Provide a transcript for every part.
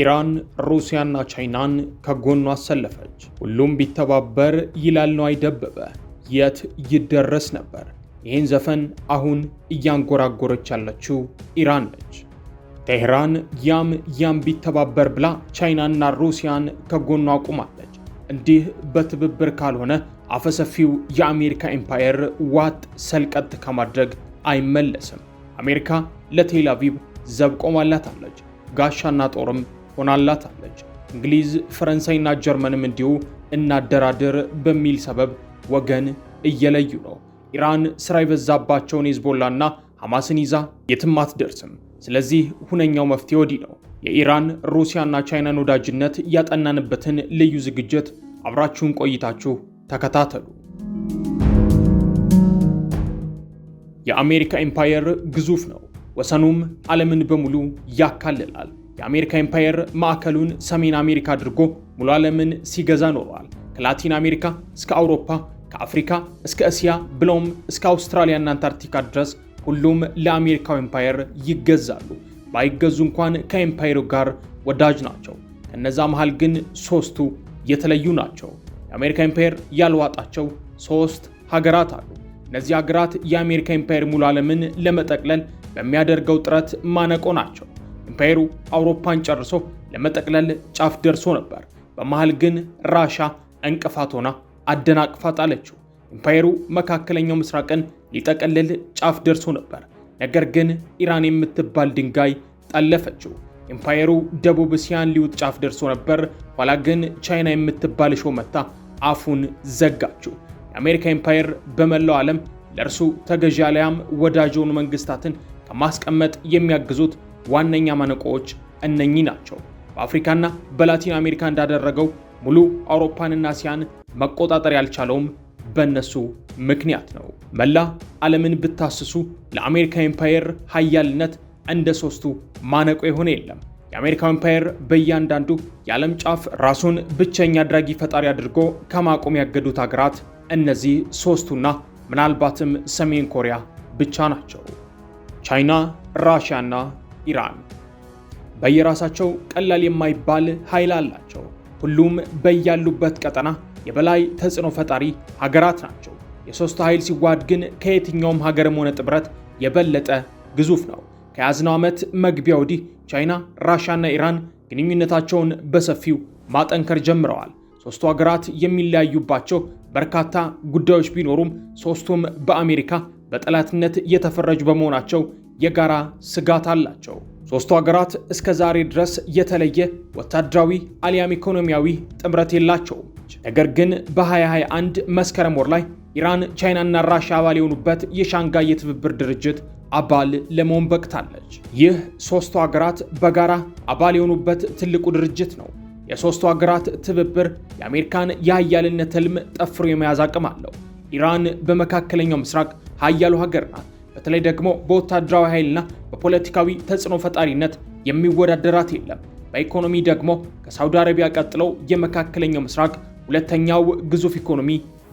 ኢራን ሩሲያና ቻይናን ከጎኗ አሰለፈች። ሁሉም ቢተባበር ይላል ነዋይ ደበበ። የት ይደረስ ነበር? ይህን ዘፈን አሁን እያንጎራጎረች ያለችው ኢራን ነች። ቴህራን ያም ያም ቢተባበር ብላ ቻይናና ሩሲያን ከጎኗ አቁማለች። እንዲህ በትብብር ካልሆነ አፈሰፊው የአሜሪካ ኤምፓየር ዋጥ ሰልቀጥ ከማድረግ አይመለስም። አሜሪካ ለቴል አቪቭ ዘብ ቆማላታለች። ጋሻና ጦርም ሆናላታለች። እንግሊዝ ፈረንሳይና ጀርመንም እንዲሁ እናደራድር በሚል ሰበብ ወገን እየለዩ ነው። ኢራን ስራ የበዛባቸውን ሄዝቦላና ሐማስን ይዛ የትም አትደርስም። ስለዚህ ሁነኛው መፍትሄ ወዲህ ነው። የኢራን ሩሲያና ቻይናን ወዳጅነት ያጠናንበትን ልዩ ዝግጅት አብራችሁን ቆይታችሁ ተከታተሉ። የአሜሪካ ኤምፓየር ግዙፍ ነው። ወሰኑም ዓለምን በሙሉ ያካልላል። የአሜሪካ ኤምፓየር ማዕከሉን ሰሜን አሜሪካ አድርጎ ሙሉ ዓለምን ሲገዛ ኖረዋል። ከላቲን አሜሪካ እስከ አውሮፓ፣ ከአፍሪካ እስከ እስያ ብሎም እስከ አውስትራሊያና አንታርክቲካ ድረስ ሁሉም ለአሜሪካው ኤምፓየር ይገዛሉ። ባይገዙ እንኳን ከኤምፓየሩ ጋር ወዳጅ ናቸው። ከነዛ መሃል ግን ሶስቱ የተለዩ ናቸው። የአሜሪካ ኤምፓየር ያልዋጣቸው ሶስት ሀገራት አሉ። እነዚህ ሀገራት የአሜሪካ ኤምፓየር ሙሉ ዓለምን ለመጠቅለል በሚያደርገው ጥረት ማነቆ ናቸው። ኢምፓየሩ አውሮፓን ጨርሶ ለመጠቅለል ጫፍ ደርሶ ነበር። በመሃል ግን ራሻ እንቅፋት ሆና አደናቅፋ ጣለችው። ኢምፓየሩ መካከለኛው ምስራቅን ሊጠቀልል ጫፍ ደርሶ ነበር። ነገር ግን ኢራን የምትባል ድንጋይ ጠለፈችው። ኢምፓየሩ ደቡብ እስያን ሊውጥ ጫፍ ደርሶ ነበር። ኋላ ግን ቻይና የምትባል እሾህ መታ አፉን ዘጋችው። የአሜሪካ ኢምፓየር በመላው ዓለም ለእርሱ ተገዢ አሊያም ወዳጅ የሆኑ መንግስታትን ከማስቀመጥ የሚያግዙት ዋነኛ ማነቆዎች እነኚህ ናቸው። በአፍሪካና በላቲን አሜሪካ እንዳደረገው ሙሉ አውሮፓንና እስያን መቆጣጠር ያልቻለውም በእነሱ ምክንያት ነው። መላ ዓለምን ብታስሱ ለአሜሪካ ኤምፓየር ሀያልነት እንደ ሶስቱ ማነቆ የሆነ የለም። የአሜሪካ ኤምፓየር በእያንዳንዱ የዓለም ጫፍ ራሱን ብቸኛ አድራጊ ፈጣሪ አድርጎ ከማቆም ያገዱት ሀገራት እነዚህ ሶስቱና ምናልባትም ሰሜን ኮሪያ ብቻ ናቸው። ቻይና፣ ራሽያና ኢራን በየራሳቸው ቀላል የማይባል ኃይል አላቸው። ሁሉም በያሉበት ቀጠና የበላይ ተጽዕኖ ፈጣሪ ሀገራት ናቸው። የሶስቱ ኃይል ሲዋሃድ ግን ከየትኛውም ሀገርም ሆነ ጥምረት የበለጠ ግዙፍ ነው። ከያዝነው ዓመት መግቢያ ወዲህ ቻይና፣ ራሻና ኢራን ግንኙነታቸውን በሰፊው ማጠንከር ጀምረዋል። ሶስቱ ሀገራት የሚለያዩባቸው በርካታ ጉዳዮች ቢኖሩም ሶስቱም በአሜሪካ በጠላትነት እየተፈረጁ በመሆናቸው የጋራ ስጋት አላቸው። ሶስቱ ሀገራት እስከ ዛሬ ድረስ የተለየ ወታደራዊ አሊያም ኢኮኖሚያዊ ጥምረት የላቸውም። ነገር ግን በ2021 መስከረም ወር ላይ ኢራን፣ ቻይናና ራሻ አባል የሆኑበት የሻንጋይ የትብብር ድርጅት አባል ለመሆን በቅታለች። ይህ ሶስቱ ሀገራት በጋራ አባል የሆኑበት ትልቁ ድርጅት ነው። የሶስቱ ሀገራት ትብብር የአሜሪካን የሀያልነት ህልም ጠፍሮ የመያዝ አቅም አለው። ኢራን በመካከለኛው ምስራቅ ሀያሉ ሀገር ናት። በተለይ ደግሞ በወታደራዊ ኃይልና በፖለቲካዊ ተጽዕኖ ፈጣሪነት የሚወዳደራት የለም። በኢኮኖሚ ደግሞ ከሳውዲ አረቢያ ቀጥለው የመካከለኛው ምስራቅ ሁለተኛው ግዙፍ ኢኮኖሚ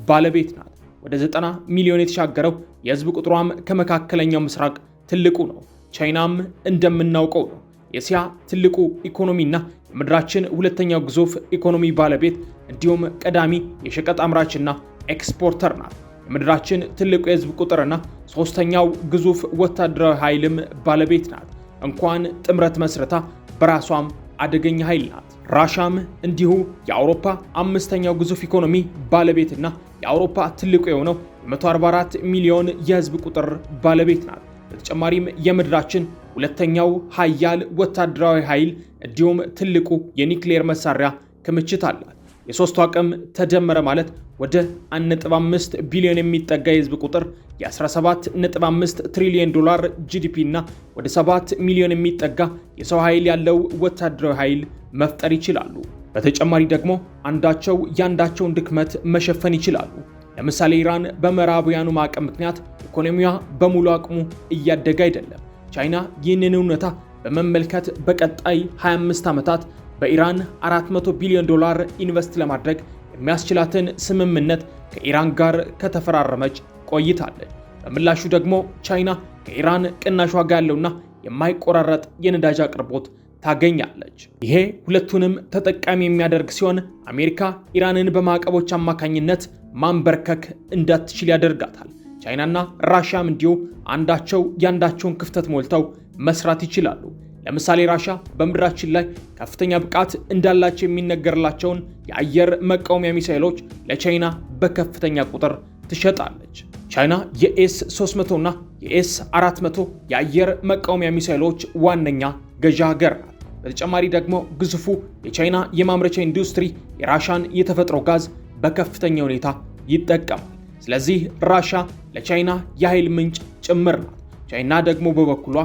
ባለቤት ናት። ወደ 90 ሚሊዮን የተሻገረው የህዝብ ቁጥሯም ከመካከለኛው ምስራቅ ትልቁ ነው። ቻይናም እንደምናውቀው ነው የእስያ ትልቁ ኢኮኖሚና የምድራችን ሁለተኛው ግዙፍ ኢኮኖሚ ባለቤት እንዲሁም ቀዳሚ የሸቀጥ አምራችና ኤክስፖርተር ናት። የምድራችን ትልቁ የህዝብ ቁጥርና ሶስተኛው ግዙፍ ወታደራዊ ኃይልም ባለቤት ናት። እንኳን ጥምረት መስረታ በራሷም አደገኛ ኃይል ናት። ራሻም እንዲሁ የአውሮፓ አምስተኛው ግዙፍ ኢኮኖሚ ባለቤትና የአውሮፓ ትልቁ የሆነው 144 ሚሊዮን የህዝብ ቁጥር ባለቤት ናት። በተጨማሪም የምድራችን ሁለተኛው ሀያል ወታደራዊ ኃይል እንዲሁም ትልቁ የኒክሌር መሳሪያ ክምችት አላት። የሶስቱ አቅም ተደመረ ማለት ወደ 1.5 ቢሊዮን የሚጠጋ የህዝብ ቁጥር የ17.5 ትሪሊዮን ዶላር ጂዲፒ እና ወደ 7 ሚሊዮን የሚጠጋ የሰው ኃይል ያለው ወታደራዊ ኃይል መፍጠር ይችላሉ። በተጨማሪ ደግሞ አንዳቸው ያንዳቸውን ድክመት መሸፈን ይችላሉ። ለምሳሌ ኢራን በምዕራብያኑ ማዕቀብ ምክንያት ኢኮኖሚዋ በሙሉ አቅሙ እያደገ አይደለም። ቻይና ይህንን እውነታ በመመልከት በቀጣይ 25 ዓመታት በኢራን 400 ቢሊዮን ዶላር ኢንቨስት ለማድረግ የሚያስችላትን ስምምነት ከኢራን ጋር ከተፈራረመች ቆይታለች። በምላሹ ደግሞ ቻይና ከኢራን ቅናሽ ዋጋ ያለውና የማይቆራረጥ የነዳጅ አቅርቦት ታገኛለች። ይሄ ሁለቱንም ተጠቃሚ የሚያደርግ ሲሆን አሜሪካ ኢራንን በማዕቀቦች አማካኝነት ማንበርከክ እንዳትችል ያደርጋታል። ቻይናና ራሽያም እንዲሁ አንዳቸው ያንዳቸውን ክፍተት ሞልተው መስራት ይችላሉ። ለምሳሌ ራሻ በምድራችን ላይ ከፍተኛ ብቃት እንዳላቸው የሚነገርላቸውን የአየር መቃወሚያ ሚሳይሎች ለቻይና በከፍተኛ ቁጥር ትሸጣለች። ቻይና የኤስ 300 እና የኤስ 400 የአየር መቃወሚያ ሚሳይሎች ዋነኛ ገዢ ሀገር ናት። በተጨማሪ ደግሞ ግዙፉ የቻይና የማምረቻ ኢንዱስትሪ የራሻን የተፈጥሮ ጋዝ በከፍተኛ ሁኔታ ይጠቀማል። ስለዚህ ራሻ ለቻይና የኃይል ምንጭ ጭምር ናት። ቻይና ደግሞ በበኩሏ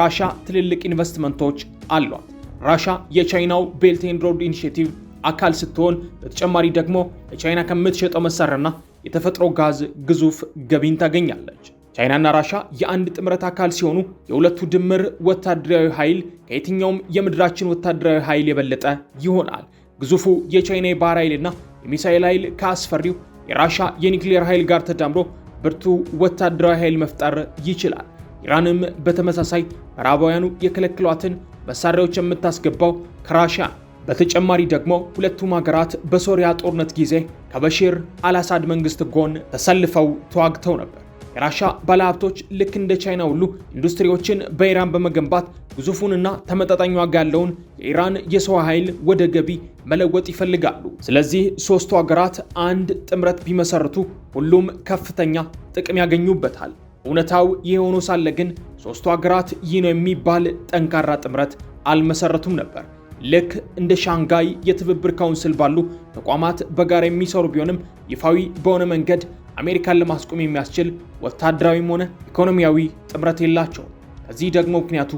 ራሻ ትልልቅ ኢንቨስትመንቶች አሏት። ራሻ የቻይናው ቤልት ኤንድ ሮድ ኢኒሽቲቭ አካል ስትሆን በተጨማሪ ደግሞ ለቻይና ከምትሸጠው መሳሪያና የተፈጥሮ ጋዝ ግዙፍ ገቢን ታገኛለች። ቻይናና ራሻ የአንድ ጥምረት አካል ሲሆኑ የሁለቱ ድምር ወታደራዊ ኃይል ከየትኛውም የምድራችን ወታደራዊ ኃይል የበለጠ ይሆናል። ግዙፉ የቻይና የባህር ኃይልና የሚሳኤል ኃይል ከአስፈሪው የራሻ የኒውክሌር ኃይል ጋር ተዳምሮ ብርቱ ወታደራዊ ኃይል መፍጠር ይችላል። ኢራንም በተመሳሳይ ምዕራባውያኑ የከለክሏትን መሳሪያዎች የምታስገባው ከራሻ በተጨማሪ ደግሞ ሁለቱም ሀገራት በሶሪያ ጦርነት ጊዜ ከበሽር አልአሳድ መንግስት ጎን ተሰልፈው ተዋግተው ነበር። የራሻ ባለሀብቶች ልክ እንደ ቻይና ሁሉ ኢንዱስትሪዎችን በኢራን በመገንባት ግዙፉንና ተመጣጣኝ ዋጋ ያለውን የኢራን የሰው ኃይል ወደ ገቢ መለወጥ ይፈልጋሉ። ስለዚህ ሶስቱ ሀገራት አንድ ጥምረት ቢመሰርቱ ሁሉም ከፍተኛ ጥቅም ያገኙበታል። እውነታው ይህ ሆኖ ሳለ ግን ሶስቱ ሀገራት ይህ ነው የሚባል ጠንካራ ጥምረት አልመሰረቱም ነበር። ልክ እንደ ሻንጋይ የትብብር ካውንስል ባሉ ተቋማት በጋራ የሚሰሩ ቢሆንም ይፋዊ በሆነ መንገድ አሜሪካን ለማስቆም የሚያስችል ወታደራዊም ሆነ ኢኮኖሚያዊ ጥምረት የላቸውም። ከዚህ ደግሞ ምክንያቱ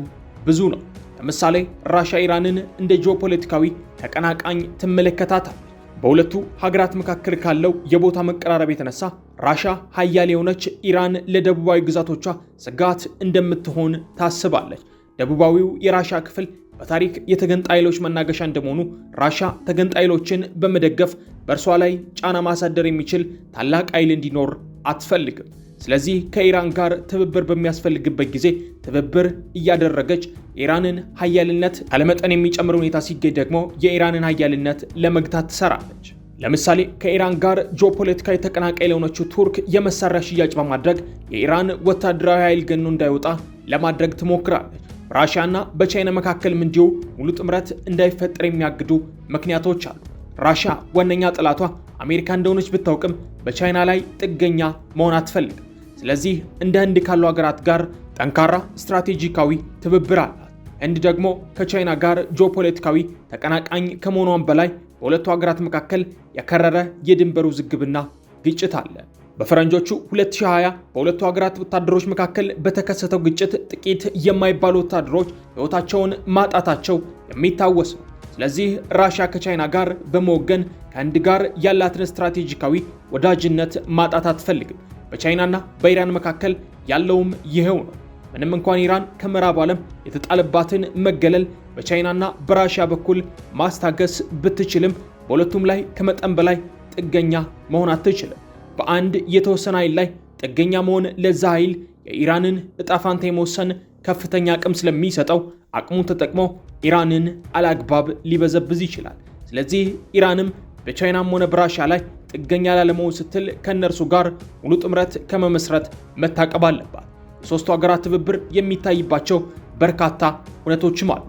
ብዙ ነው። ለምሳሌ ራሻ ኢራንን እንደ ጂኦፖለቲካዊ ተቀናቃኝ ትመለከታታል። በሁለቱ ሀገራት መካከል ካለው የቦታ መቀራረብ የተነሳ ራሻ ሀያል የሆነች ኢራን ለደቡባዊ ግዛቶቿ ስጋት እንደምትሆን ታስባለች። ደቡባዊው የራሻ ክፍል በታሪክ የተገንጣይሎች መናገሻ እንደመሆኑ ራሻ ተገንጣይሎችን በመደገፍ በእርሷ ላይ ጫና ማሳደር የሚችል ታላቅ ኃይል እንዲኖር አትፈልግም። ስለዚህ ከኢራን ጋር ትብብር በሚያስፈልግበት ጊዜ ትብብር እያደረገች ኢራንን ሀያልነት አለመጠን የሚጨምር ሁኔታ ሲገኝ ደግሞ የኢራንን ሀያልነት ለመግታት ትሰራለች። ለምሳሌ ከኢራን ጋር ጂኦፖለቲካዊ ተቀናቃይ ለሆነችው ቱርክ የመሳሪያ ሽያጭ በማድረግ የኢራን ወታደራዊ ኃይል ገኖ እንዳይወጣ ለማድረግ ትሞክራለች። ራሽያና በቻይና መካከልም እንዲሁ ሙሉ ጥምረት እንዳይፈጠር የሚያግዱ ምክንያቶች አሉ። ራሽያ ዋነኛ ጠላቷ አሜሪካ እንደሆነች ብታውቅም በቻይና ላይ ጥገኛ መሆን አትፈልግም። ስለዚህ እንደ ህንድ ካሉ ሀገራት ጋር ጠንካራ ስትራቴጂካዊ ትብብር አላት። ህንድ ደግሞ ከቻይና ጋር ጂኦፖለቲካዊ ተቀናቃኝ ከመሆኗን በላይ በሁለቱ ሀገራት መካከል የከረረ የድንበር ውዝግብና ግጭት አለ። በፈረንጆቹ 2020 በሁለቱ ሀገራት ወታደሮች መካከል በተከሰተው ግጭት ጥቂት የማይባሉ ወታደሮች ሕይወታቸውን ማጣታቸው የሚታወስ ነው። ስለዚህ ራሽያ ከቻይና ጋር በመወገን ከህንድ ጋር ያላትን ስትራቴጂካዊ ወዳጅነት ማጣት አትፈልግም። በቻይናና በኢራን መካከል ያለውም ይኸው ነው። ምንም እንኳን ኢራን ከምዕራብ ዓለም የተጣለባትን መገለል በቻይናና በራሽያ በኩል ማስታገስ ብትችልም በሁለቱም ላይ ከመጠን በላይ ጥገኛ መሆን አትችልም። በአንድ የተወሰነ ኃይል ላይ ጥገኛ መሆን ለዛ ኃይል የኢራንን እጣ ፋንታ የመወሰን ከፍተኛ አቅም ስለሚሰጠው አቅሙን ተጠቅሞ ኢራንን አላግባብ ሊበዘብዝ ይችላል። ስለዚህ ኢራንም በቻይናም ሆነ በራሽያ ላይ ጥገኛ ላለመሆን ስትል ከእነርሱ ጋር ሙሉ ጥምረት ከመመስረት መታቀብ አለባት። የሶስቱ ሀገራት ትብብር የሚታይባቸው በርካታ እውነቶችም አሉ።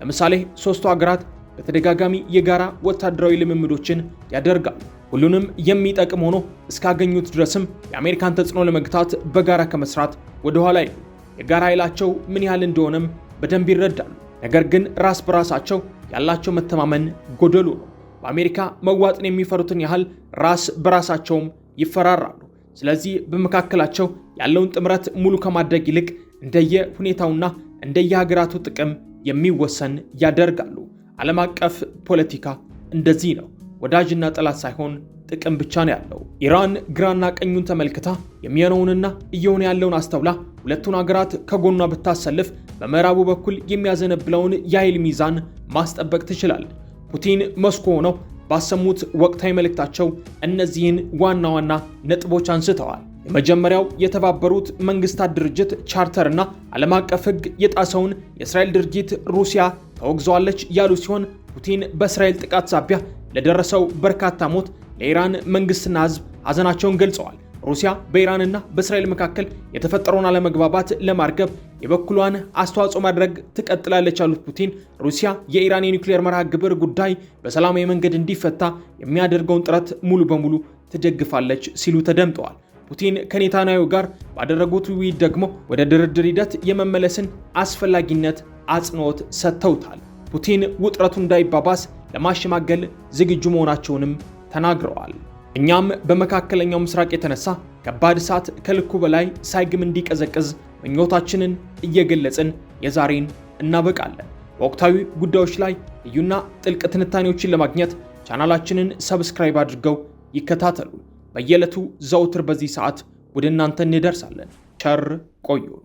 ለምሳሌ ሶስቱ ሀገራት በተደጋጋሚ የጋራ ወታደራዊ ልምምዶችን ያደርጋሉ። ሁሉንም የሚጠቅም ሆኖ እስካገኙት ድረስም የአሜሪካን ተጽዕኖ ለመግታት በጋራ ከመስራት ወደኋላ ይሉ። የጋራ ኃይላቸው ምን ያህል እንደሆነም በደንብ ይረዳሉ። ነገር ግን ራስ በራሳቸው ያላቸው መተማመን ጎደሉ ነው። በአሜሪካ መዋጥን የሚፈሩትን ያህል ራስ በራሳቸውም ይፈራራሉ። ስለዚህ በመካከላቸው ያለውን ጥምረት ሙሉ ከማድረግ ይልቅ እንደየ ሁኔታውና እንደየ ሀገራቱ ጥቅም የሚወሰን ያደርጋሉ። ዓለም አቀፍ ፖለቲካ እንደዚህ ነው። ወዳጅና ጠላት ሳይሆን ጥቅም ብቻ ነው ያለው። ኢራን ግራና ቀኙን ተመልክታ የሚሆነውንና እየሆነ ያለውን አስተውላ ሁለቱን ሀገራት ከጎኗ ብታሰልፍ በምዕራቡ በኩል የሚያዘነብለውን የኃይል ሚዛን ማስጠበቅ ትችላለች። ፑቲን ሞስኮ ሆነው ባሰሙት ወቅታዊ መልእክታቸው እነዚህን ዋና ዋና ነጥቦች አንስተዋል። የመጀመሪያው የተባበሩት መንግስታት ድርጅት ቻርተርና ዓለም አቀፍ ሕግ የጣሰውን የእስራኤል ድርጅት ሩሲያ ተወግዘዋለች ያሉ ሲሆን ፑቲን በእስራኤል ጥቃት ሳቢያ ለደረሰው በርካታ ሞት ለኢራን መንግስትና ሕዝብ ሐዘናቸውን ገልጸዋል። ሩሲያ በኢራንና በእስራኤል መካከል የተፈጠረውን አለመግባባት ለማርገብ የበኩሏን አስተዋጽኦ ማድረግ ትቀጥላለች ያሉት ፑቲን ሩሲያ የኢራን የኒውክሌር መርሃ ግብር ጉዳይ በሰላማዊ መንገድ እንዲፈታ የሚያደርገውን ጥረት ሙሉ በሙሉ ትደግፋለች ሲሉ ተደምጠዋል። ፑቲን ከኔታንያሁ ጋር ባደረጉት ውይይት ደግሞ ወደ ድርድር ሂደት የመመለስን አስፈላጊነት አጽንኦት ሰጥተውታል። ፑቲን ውጥረቱ እንዳይባባስ ለማሸማገል ዝግጁ መሆናቸውንም ተናግረዋል። እኛም በመካከለኛው ምስራቅ የተነሳ ከባድ እሳት ከልኩ በላይ ሳይግም እንዲቀዘቅዝ ምኞታችንን እየገለጽን የዛሬን እናበቃለን። በወቅታዊ ጉዳዮች ላይ ልዩና ጥልቅ ትንታኔዎችን ለማግኘት ቻናላችንን ሰብስክራይብ አድርገው ይከታተሉ። በየዕለቱ ዘውትር በዚህ ሰዓት ወደ እናንተ እንደርሳለን። ቸር ቆዩ።